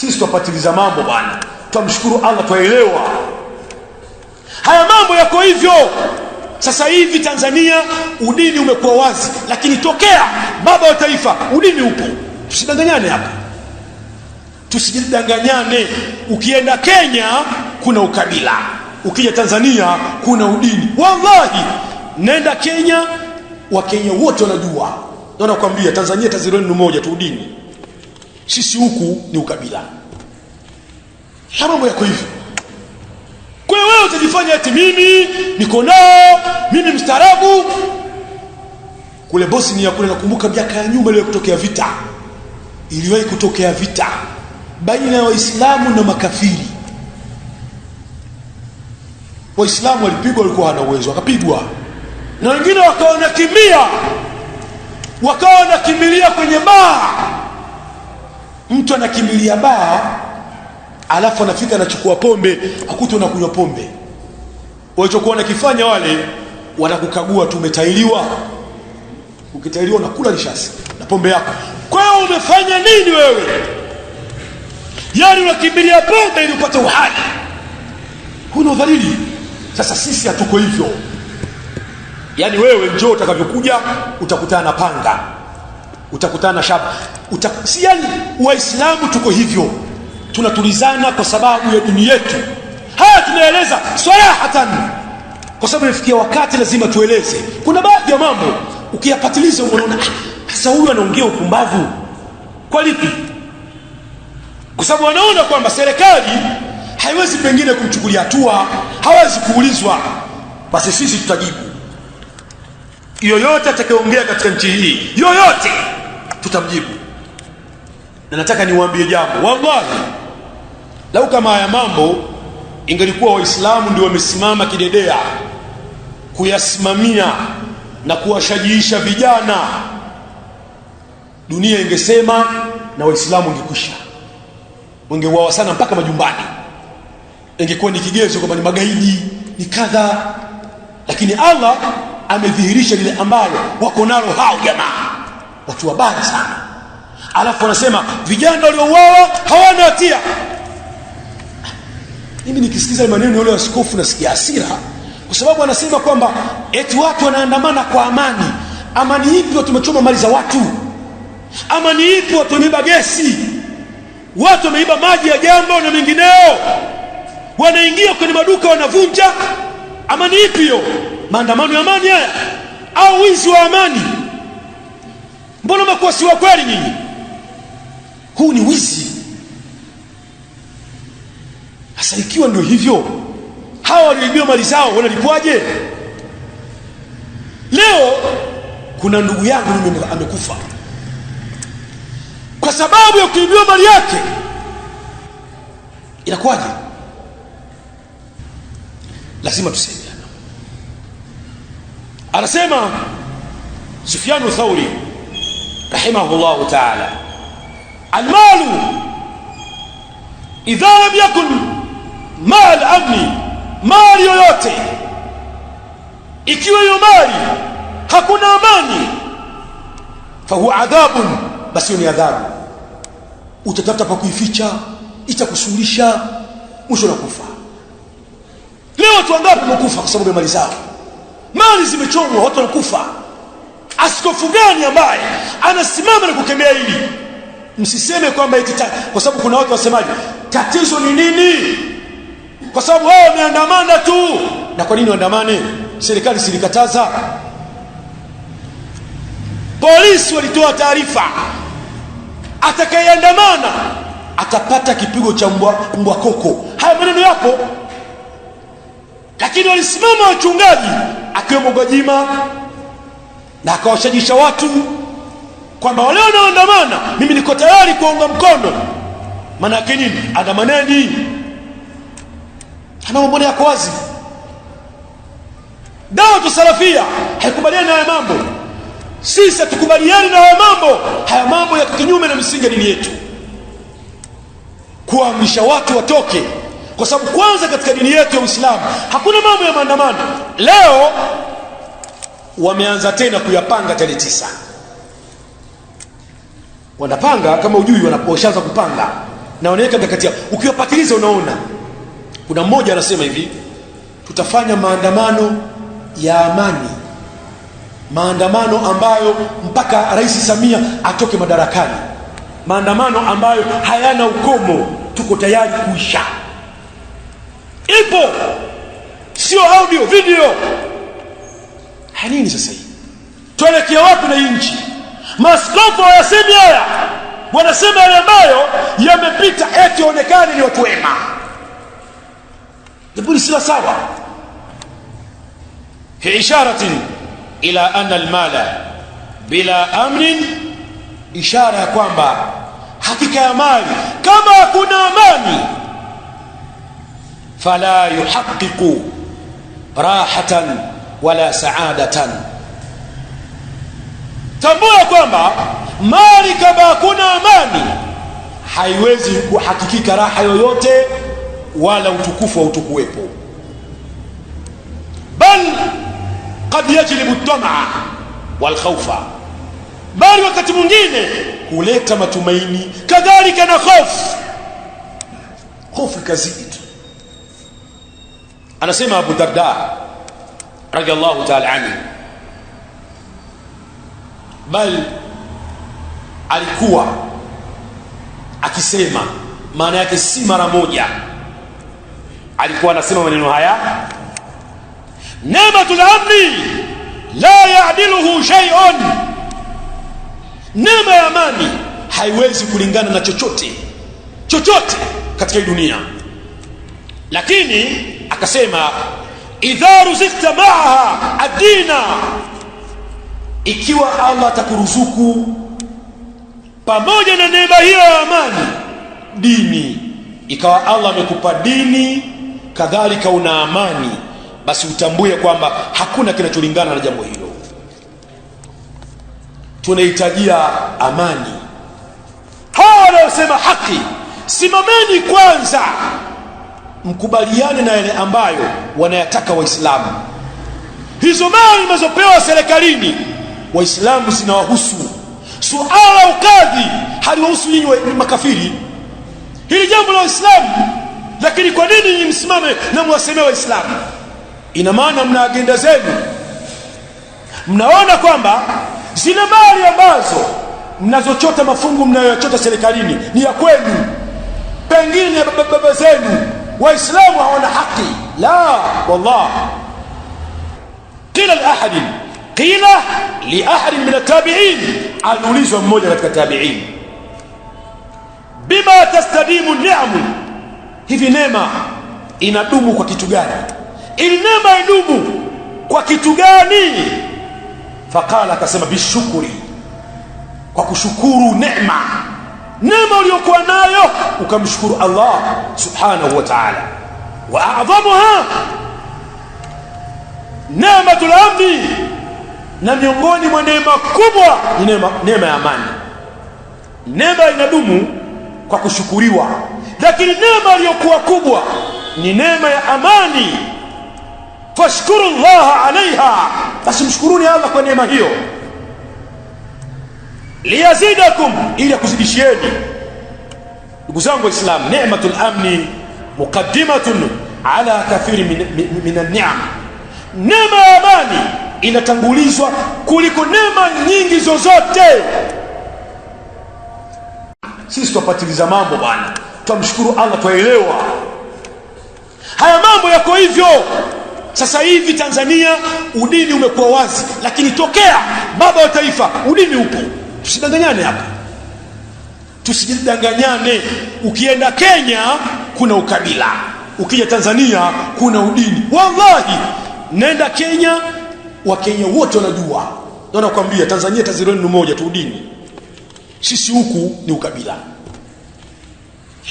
Sisi twapatiliza mambo bwana, twamshukuru Allah, twaelewa haya mambo yako hivyo. Sasa hivi Tanzania udini umekuwa wazi, lakini tokea baba wa taifa udini upo. Tusidanganyane hapa, tusidanganyane. Ukienda Kenya kuna ukabila, ukija Tanzania kuna udini. Wallahi, nenda Kenya, Wakenya wote wanajua. Naona Tanzania tazironi moja tu, udini sisi huku ni ukabila, mambo yako hivyo. Kwa hiyo wewe utajifanya eti mimi niko nao, mimi mstaarabu. Kule Bosnia kule, nakumbuka miaka ya nyuma, iliwai kutokea vita, iliwahi kutokea vita baina ya Waislamu na makafiri. Waislamu walipigwa, walikuwa hana uwezo, wakapigwa na wengine wakawa wanakimbia, wakawa wanakimbilia kwenye baa mtu anakimbilia baa alafu anafika anachukua pombe, akuta unakunywa pombe. Walichokuwa wanakifanya wale, wanakukagua tu, umetailiwa. Ukitailiwa unakula nishasi na pombe yako. Kwa hiyo umefanya nini wewe? Yaani unakimbilia pombe ili upate uhai, huna udhalili. Sasa sisi hatuko hivyo, yaani wewe njoo utakavyokuja utakutana na panga utakutana na shaba uta, si yani, Waislamu tuko hivyo, tunatulizana kwa sababu ya dini yetu. Haya tunaeleza sarahatan, kwa sababu imefikia wakati lazima tueleze. Kuna baadhi ya mambo ukiyapatiliza unaona ah, sasa, huyu anaongea upumbavu kwa lipi? Kwa sababu wanaona kwamba serikali haiwezi pengine kumchukulia hatua, hawezi kuulizwa, basi sisi tutajibu yoyote atakayeongea katika nchi hii yoyote tutamjibu. Na nataka niwaambie jambo, wallahi, lau kama haya mambo ingelikuwa Waislamu ndio wamesimama kidedea kuyasimamia na kuwashajiisha vijana, dunia ingesema na Waislamu ingekwisha, wangeuawa sana mpaka majumbani, ingekuwa ni kigezo kwamba ni magaidi, ni kadha. Lakini Allah amedhihirisha lile ambalo wako nalo hao jamaa watu wabaya sana. Alafu wanasema vijana waliouawa hawana hatia. Mimi nikisikiza maneno yale ya askofu nasikia hasira, kwa sababu anasema kwamba eti watu wanaandamana kwa amani. Amani ipi? Watu wamechoma mali za watu. Amani ipi? Watu wameiba gesi, watu wameiba maji ya jambo na mengineo, wanaingia kwenye maduka wanavunja. Amani ipi hiyo? Maandamano ya amani haya au wizi wa amani? Mbona mnakuwa si wa kweli nyinyi? Huu ni wizi. Sasa ikiwa ndio hivyo, hawa walioibiwa mali zao wanalipwaje? Leo kuna ndugu yangu mimi amekufa kwa sababu ya kuibiwa mali yake, inakuwaje? Lazima tusaidiane. Anasema Sufyanu Thauri rahimahu llahu taala, almalu idha lam yakun mal amni, mali yoyote ikiwa hiyo mali hakuna amani, fahuwa adhabun, basi hiyo ni adhabu. Utatafuta pa kuificha, itakusulisha mwisho unakufa. Leo watu wangapi wamekufa kwa sababu ya mali zao? Mali zimechomwa, watu wanakufa askofu gani ambaye anasimama na kukemea hili? Msiseme kwamba eti, kwa sababu kuna watu wasemaje, tatizo ni nini? Kwa sababu wao wameandamana tu. Na kwa nini waandamane? Serikali silikataza? Polisi walitoa taarifa, atakayeandamana atapata kipigo cha mbwa, mbwa koko. Haya maneno yapo, lakini walisimama wachungaji akiwemo Gwajima na akawashajisha watu kwamba wale wanaoandamana mimi niko tayari kuwaunga mkono. Maana yake nini? Andamaneni, ana mambo yako wazi. Dawatu salafia haikubaliani na haya mambo, sisi hatukubaliani na haya mambo. Haya mambo yako kinyume na misingi ya dini yetu, kuamrisha watu watoke, kwa sababu kwanza katika dini yetu ya Uislamu hakuna mambo ya maandamano leo wameanza tena kuyapanga tarehe tisa. Wanapanga kama ujui, wanaposhaanza kupanga na wanaweka mikakati yao, ukiwapatiliza unaona. Kuna mmoja anasema hivi, tutafanya maandamano ya amani, maandamano ambayo mpaka Rais Samia atoke madarakani, maandamano ambayo hayana ukomo, tuko tayari kuisha. Ipo sio audio video hanini sasa hivi tuelekea wapi na hii nchi maskofu wayasemi haya wanasema yale ambayo yamepita eti onekane ni watu wema jambo sila sawa fi isharatin ila anna almala bila amrin ishara ya kwamba hakika ya mali kama hakuna amani fala yuhaqiqu rahatan wala saadatan. Tambua kwamba mali kama hakuna amani haiwezi kuhakikika raha yoyote wala utukufu hautokuwepo, bal kad yajlibu tamaa wal khawfa, bali wakati mwingine huleta matumaini kadhalika na hofu. Hofu kazidi. tu. Anasema Abu Darda الله تعالى عنه بل alikuwa akisema, maana yake si mara moja, alikuwa anasema maneno haya Ni'matul amni la ya'diluhu shay'un, neema ya amani haiwezi kulingana na chochote chochote katika hii dunia. Lakini akasema idha ruzikta maaha adina, ikiwa Allah atakuruzuku pamoja na neema hiyo ya amani dini, ikawa Allah amekupa dini kadhalika una amani, basi utambue kwamba hakuna kinacholingana na jambo hilo. Tunahitajia amani. Hawa wanaosema haki, simameni kwanza mkubaliane na yale ambayo wanayataka Waislamu. Hizo mali inazopewa serikalini Waislamu zinawahusu. Suala ukadhi haliwahusu nyinyi makafiri. Hili jambo la Waislamu, lakini kwa nini nyinyi msimame na mwasemee Waislamu? Ina maana mna agenda zenu, mnaona kwamba zile mali ambazo mnazochota mafungu mnayoyachota serikalini ni ya kwenu, pengine ya baba zenu waislamu hawana haki la wallah qila lahadin qila liahadin min atabiin aliulizwa mmoja katika tabiin bima tastadimu niamu hivi neema inadumu kwa kitu gani ili neema idumu kwa kitu gani faqala akasema bishukuri kwa kushukuru neema neema uliyokuwa nayo ukamshukuru Allah subhanahu wa ta'ala. Wa adhamuha neematul amni, na miongoni mwa neema kubwa ni neema ya amani. Neema inadumu kwa kushukuriwa, lakini neema iliyokuwa kubwa ni neema ya amani. Fashkuru llaha alaiha, basi mshukuruni Allah kwa neema hiyo liyazidakum, ili akuzidishieni. Ndugu zangu waislam ni'matul lamni muqaddimatun ala kathiri min, min, niam neema ya amani inatangulizwa kuliko neema nyingi zozote. Sisi twapatiliza mambo bwana, twamshukuru Allah, twaelewa haya mambo yako hivyo. Sasa hivi Tanzania udini umekuwa wazi, lakini tokea baba wa taifa udini upo Tusidanganyane hapa, tusidanganyane. Ukienda Kenya kuna ukabila, ukija Tanzania kuna udini. Wallahi, nenda Kenya, Wakenya wote wanajua, ndio nakwambia. Tanzania tazironi ni moja tu, udini. Sisi huku ni ukabila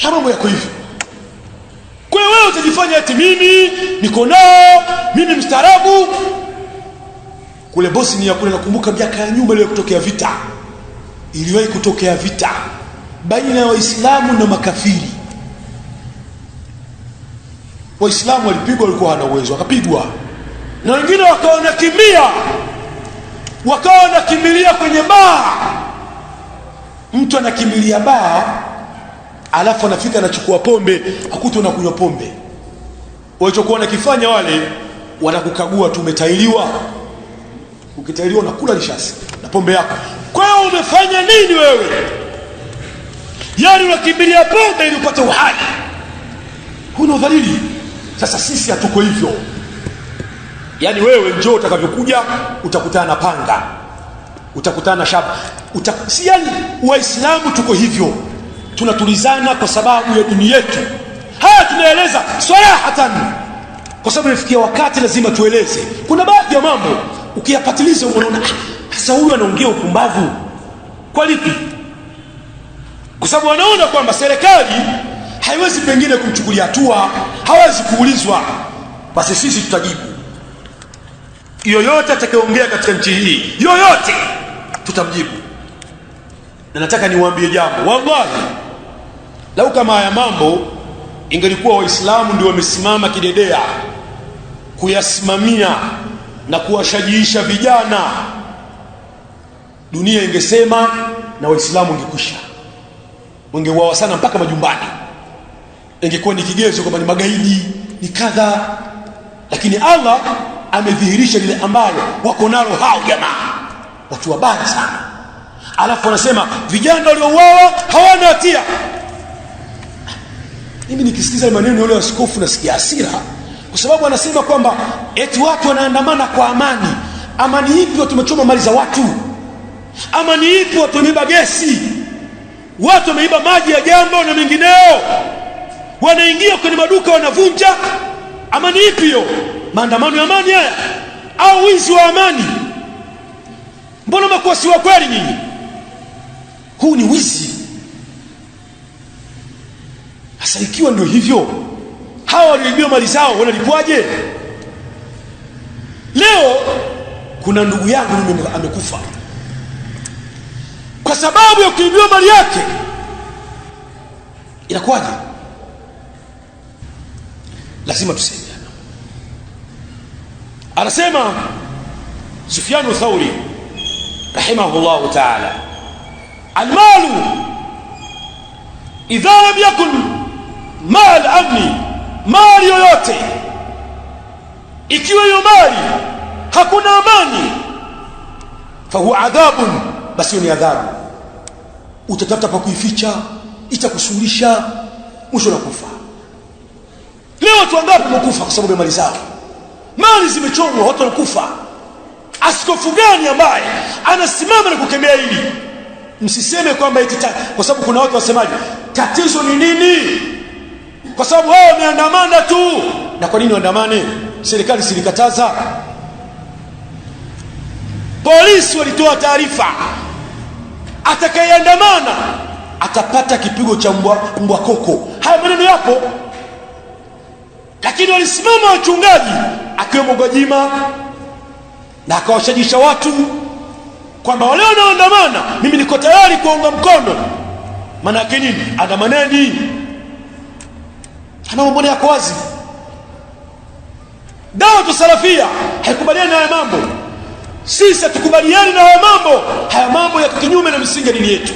na mambo yako hivyo. Kwa hiyo wewe utajifanya eti mimi niko nao, mimi mstaarabu. Kule Bosnia kule, nakumbuka miaka ya nyuma ile kutokea vita iliwahi kutokea vita baina ya Waislamu na makafiri. Waislamu walipigwa, walikuwa hana uwezo, wakapigwa na wengine wakawa wanakimbia, wakawa wanakimbilia kwenye baa. Mtu anakimbilia baa, alafu anafika anachukua pombe, akuta unakunywa pombe. Walichokuwa wanakifanya wale, wanakukagua tu, umetailiwa. Ukitailiwa unakula lishasi na pombe yako. Kwa hiyo umefanya nini wewe? Yani unakimbilia pombe ili upate uhai, huna udhalili. Sasa sisi hatuko hivyo, yani wewe njoo, utakavyokuja utakutana na panga, utakutana na shaba, utak... si yani, Waislamu tuko hivyo, tunatulizana kwa sababu ya dini yetu. Haya tunaeleza sarahatan kwa sababu imefikia wakati lazima tueleze. Kuna baadhi ya mambo ukiyapatiliza unaona ah, sasa huyu anaongea upumbavu kwa lipi? Kwa sababu wanaona kwamba serikali haiwezi pengine kumchukulia hatua, hawezi kuulizwa, basi sisi tutajibu. Yoyote atakayeongea katika nchi hii, yoyote tutamjibu. Na nataka niwaambie jambo, wallahi, lau kama haya mambo ingelikuwa Waislamu ndio wamesimama kidedea kuyasimamia na kuwashajiisha vijana dunia ingesema na Waislamu ingekwisha, wangeuawa sana mpaka majumbani, ingekuwa ni kigezo kwamba ni magaidi ni kadha. Lakini Allah amedhihirisha lile ambalo wako nalo hao jamaa, watu wabaya sana, alafu wanasema vijana waliouawa hawana hatia. Mimi nikisikiza maneno yale ya na nasikia hasira, kwa sababu anasema kwamba eti watu wanaandamana kwa amani. Amani ipi? Tumechoma mali za watu ama ni ipi? Watu wameiba gesi, watu wameiba maji ya jambo na mengineo, wanaingia kwenye maduka wanavunja. ni ipi hiyo? Maandamano ya amani haya au wizi wa amani? Mbona mko si wa kweli nyinyi? Huu ni wizi. Sasa ikiwa ndio hivyo, hawa walioibiwa mali zao wanalipwaje? Leo kuna ndugu yangu mimi amekufa sababu ya kuibiwa mali yake inakuwaje lazima tusaidiane anasema Sufyanu Thauri rahimahullah ta'ala almalu idha lam yakun mal abni mali yoyote ikiwa hiyo mali hakuna amani fahuwa adhabun basi ni adhabu utatafuta pa kuificha, itakushughulisha, mwisho kufa Leo watu wangapi wakufa kwa sababu ya mali zao? Mali zimechomwa, watu wakufa Askofu gani ambaye anasimama na kukemea hili? Msiseme kwamba eti kwa sababu kuna watu wasemaje, tatizo ni nini? Kwa sababu wao wameandamana tu. Na kwa nini waandamane? Serikali silikataza? Polisi walitoa taarifa atakayeandamana atapata kipigo cha mbwa koko. Haya maneno yapo, lakini walisimama wachungaji akiwemo Gwajima na akawashajisha watu kwamba wale wanaoandamana, mimi niko tayari kuwaunga mkono. Maana yake nini? Andamaneni, anaambona yako wazi. Dawatu Salafia haikubaliani haya mambo sisi hatukubaliani na haya mambo haya mambo yako kinyume na misingi ya dini yetu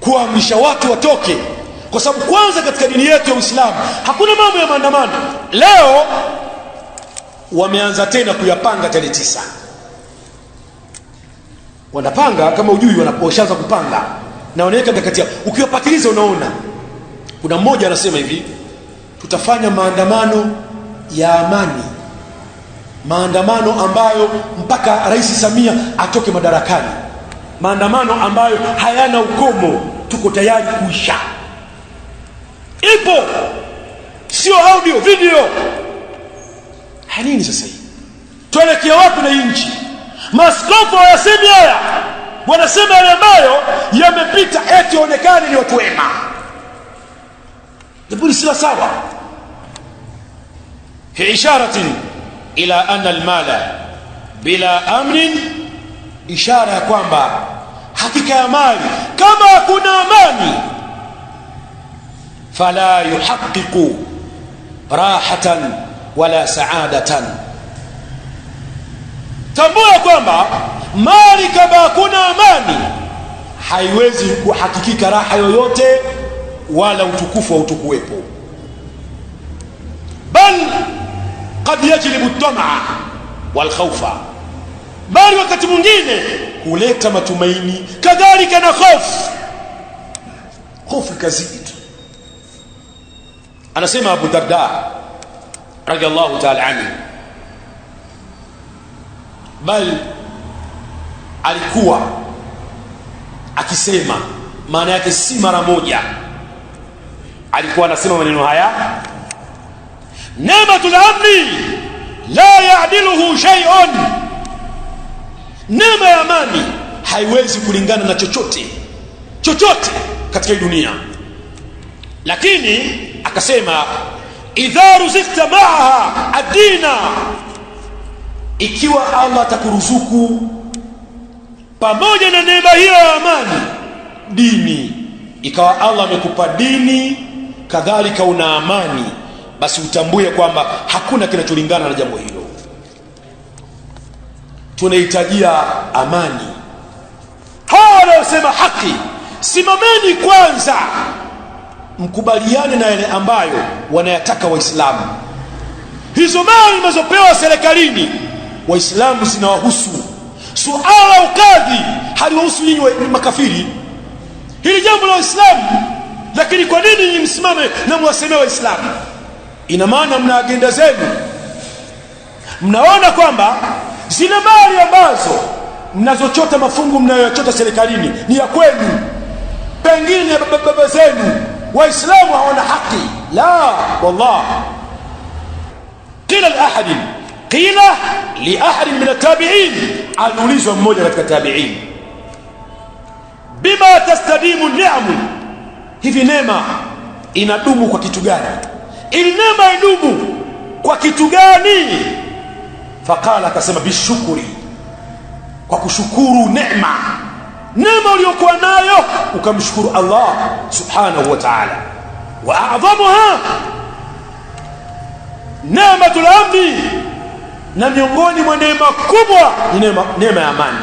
kuwaamrisha watu watoke kwa sababu kwanza katika dini yetu ya uislamu hakuna mambo ya maandamano leo wameanza tena kuyapanga tarehe tisa wanapanga kama ujui wanaposhaanza kupanga na wanaweka mikakati yao ukiwapatiliza unaona kuna mmoja anasema hivi tutafanya maandamano ya amani maandamano ambayo mpaka Rais Samia atoke madarakani, maandamano ambayo hayana ukomo. Tuko tayari kuisha, ipo sio audio video. Hanini sasa hivi tuelekea wapi na hii nchi? Maskofu hayasemi haya, wanasema yale ambayo yamepita, eti onekane ni watu wema. Jambo lisilo sawa hi tini ila anna almala bila amrin ishara ya kwamba hakika ya mali kama hakuna amani, fala yuhaqiqu rahatan wala saadatan. Tambua kwamba mali kama hakuna amani haiwezi kuhakikika raha yoyote wala utukufu utukuwepo bal qad yajlibu tamaa wal khawfa, bali wakati mwingine huleta matumaini kadhalika na hofu. Hofu kazidi tu. Anasema Abu Darda radiyallahu ta'ala anhu, bali alikuwa akisema, maana yake si mara moja, alikuwa anasema maneno haya Ni'matul amni la yaadiluhu shay'un, neema ya amani haiwezi kulingana na chochote chochote katika hii dunia. Lakini akasema idha ruzikta maaha adina, ikiwa Allah atakuruzuku pamoja na neema hiyo ya amani dini, ikawa Allah amekupa dini kadhalika una amani basi utambue kwamba hakuna kinacholingana na jambo hilo. Tunahitajia amani. Hawa wanaosema haki, simameni kwanza, mkubaliane na yale ambayo wanayataka Waislamu. Hizo mali inazopewa serikalini Waislamu zinawahusu. Suala ukadhi haliwahusu nyinyi makafiri. Hili jambo la Waislamu, lakini kwa nini nyinyi msimame na mwasemee Waislamu? ina maana mna agenda zenu mnaona kwamba zile mali ambazo mnazochota mafungu mnayoyachota serikalini ni ya kwenu pengine ya baba zenu waislamu hawana haki la wallah kila lahadin kila liahadin min atabiin aliulizwa mmoja katika tabiin bima tastadimu niamu hivi neema inadumu kwa kitu gani inama idubu kwa kitu gani? Faqala, akasema bishukuri, kwa kushukuru neema neema uliyokuwa nayo ukamshukuru Allah subhanahu wa ta'ala. Wa adhamuha neematul amni, na miongoni mwa neema kubwa ni neema ya amani.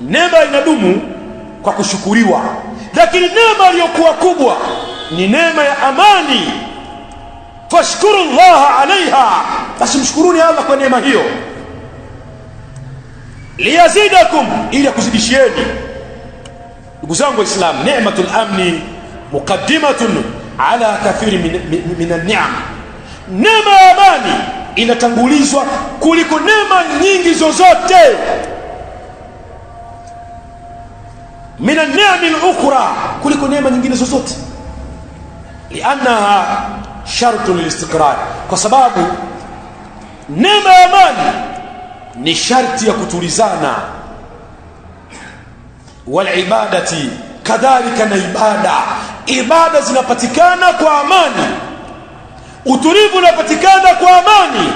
Neema inadumu kwa kushukuriwa, lakini neema iliyokuwa kubwa ni neema ya amani fashkuru llaha alaiha, basi mshukuruni Allah kwa neema hiyo. Liyazidakum, ili akuzidishieni. Ndugu zangu waislam nematu lamni muqaddimatun ala kathiri min, alniam min anniam, neema ya amani inatangulizwa kuliko neema nyingi zozote. min anniami lukhra, kuliko neema nyingine zozote liannaha shartu lilistiqrar, kwa sababu neema ya amani ni sharti ya kutulizana. Walibadati kadhalika, na ibada ibada zinapatikana kwa amani, utulivu unapatikana kwa amani.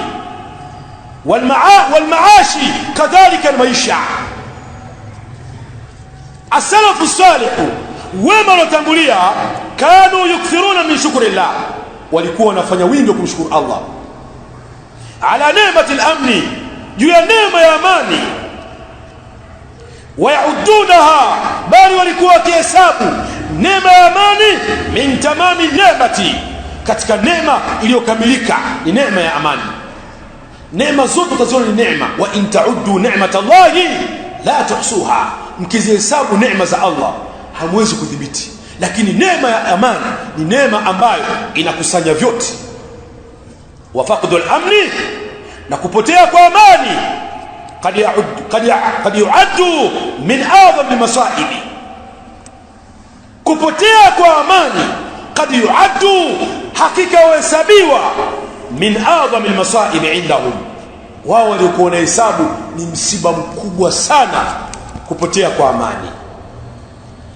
Walmaashi kadhalika, maisha asalafu salihu, wema waliotangulia, kanu yukthiruna min shukrillah walikuwa wanafanya wingi wa kumshukuru Allah ala neemati lamni, juu ya neema ya amani. Wayaudunaha, bali walikuwa wakihesabu neema ya amani. Min tamami neemati, katika neema iliyokamilika ni neema ya amani. Neema zote utaziona ni neema. Wa in taudu nemat llahi la tuhsuha, mkizihesabu neema za Allah hamwezi kudhibiti lakini neema ya amani ni neema ambayo inakusanya vyote. Wa al amni, na kupotea kwa amani, kad yuaddu min adham masaibi, kupotea kwa amani kad yuaddu, hakika huhesabiwa min adhami lmasaibi indahum, wao waliokuwa na hesabu ni msiba mkubwa sana kupotea kwa amani.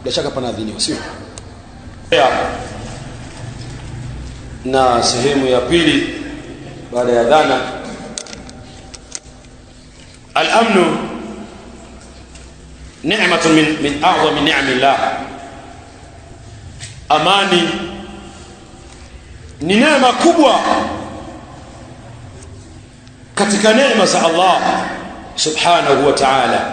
Bila shaka pana adhiniwa, sio? na sehemu ya pili baada ya dhana. Al-amnu ni'matun min min a'zami ni'amillah, amani ni neema kubwa katika neema za Allah subhanahu wa ta'ala,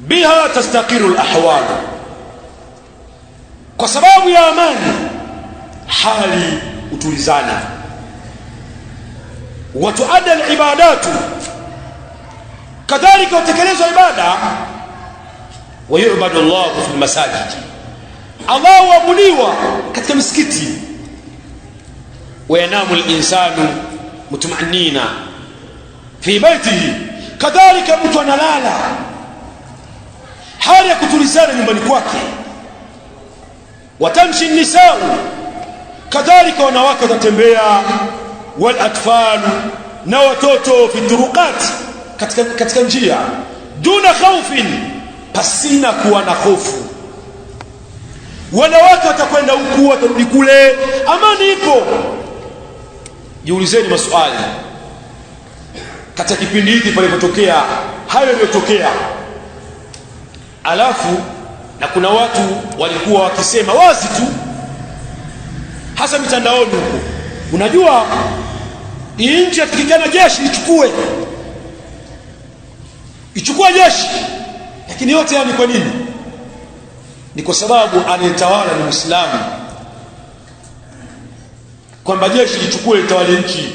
biha tastaqiru al kwa sababu ya amani, hali hutulizana. Watuada alibadatu, kadhalika utekelezwa ibada. Wayubadu llahu fi lmasajidi, Allah huabudiwa katika misikiti. Wayanamu linsanu mutmainina fi baitihi, kadhalika mtu analala hali ya kutulizana nyumbani kwake watamshi nisau, kadhalika wanawake watatembea, wal atfalu, na watoto fituruqat katika, katika njia, duna khaufin, pasina kuwa na hofu. Wanawake watakwenda huku watarudi kule, amani ipo. Jiulizeni maswali katika kipindi hiki palipotokea hayo yaliyotokea, alafu na kuna watu walikuwa wakisema wazi tu, hasa mitandaoni huko, unajua hii nchi yakipigana jeshi ichukue ichukue jeshi. Lakini yote yani, kwa nini? Ni kwa sababu anayetawala ni Muislamu, kwamba jeshi lichukue litawale nchi,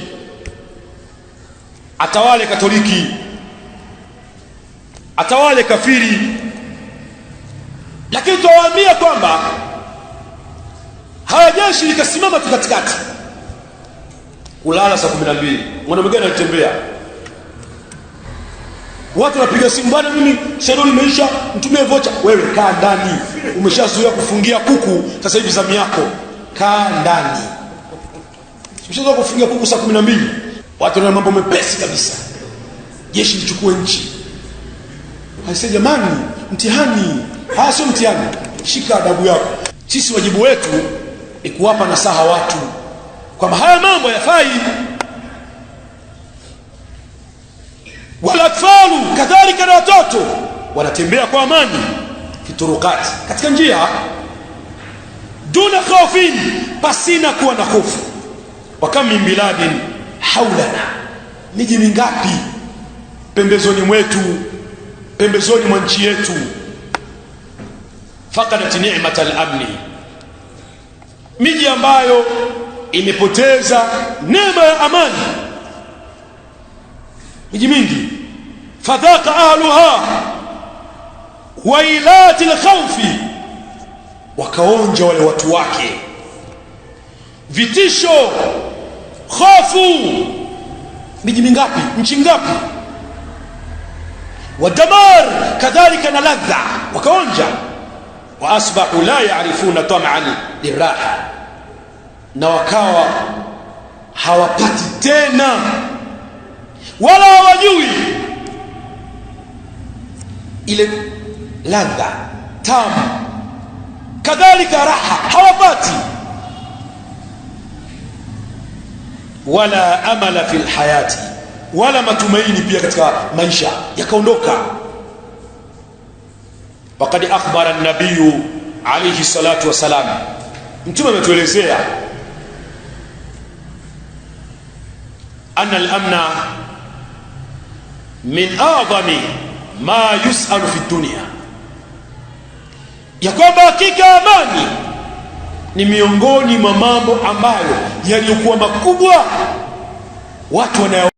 atawale Katoliki, atawale kafiri lakini tuwaambia kwamba haya jeshi likasimama tu katikati kulala saa kumi na mbili mwanamgeni alitembea watu wanapiga simu, bwana, mimi seruli imeisha, mtumie vocha. Wewe kaa ndani, umeshazoea kufungia kuku sasa hivi zamu yako, kaa ndani. Umeshazoea kufungia kuku saa kumi na mbili. Watu wana mambo mepesi kabisa, jeshi lichukue nchi. Aisee jamani, mtihani Haya sio mtihani, shika adabu yako. Sisi wajibu wetu ni kuwapa nasaha watu kwamba haya mambo yafai, walatfalu kadhalika, na watoto wanatembea kwa amani kiturukati katika njia duna khofin, pasina kuwa na hofu. Wakam min biladin haulana, miji mingapi pembezoni mwetu, pembezoni mwa nchi yetu fakadat ni'mat al miji ambayo imepoteza neema ya amani, miji mingi. Fadhaqa ahluha wailati al wakaonja wale watu wake vitisho, hofu. Miji mingapi? Nchi ngapi? Wadamar kadhalika na ladha, wakaonja wa asbahu la yaarifuna taman liraha, na wakawa hawapati tena wala hawajui ile ladha tamu, kadhalika raha hawapati, wala amala fi lhayati wala matumaini pia katika maisha yakaondoka. Waqad akhbara nabiyu alayhi salatu wassalam, Mtume ametuelezea anna al-amna min a'zami ma yusalu fi dunia, ya kwamba hakika amani ni miongoni mwa mambo ambayo yaliyokuwa makubwa watu wanayo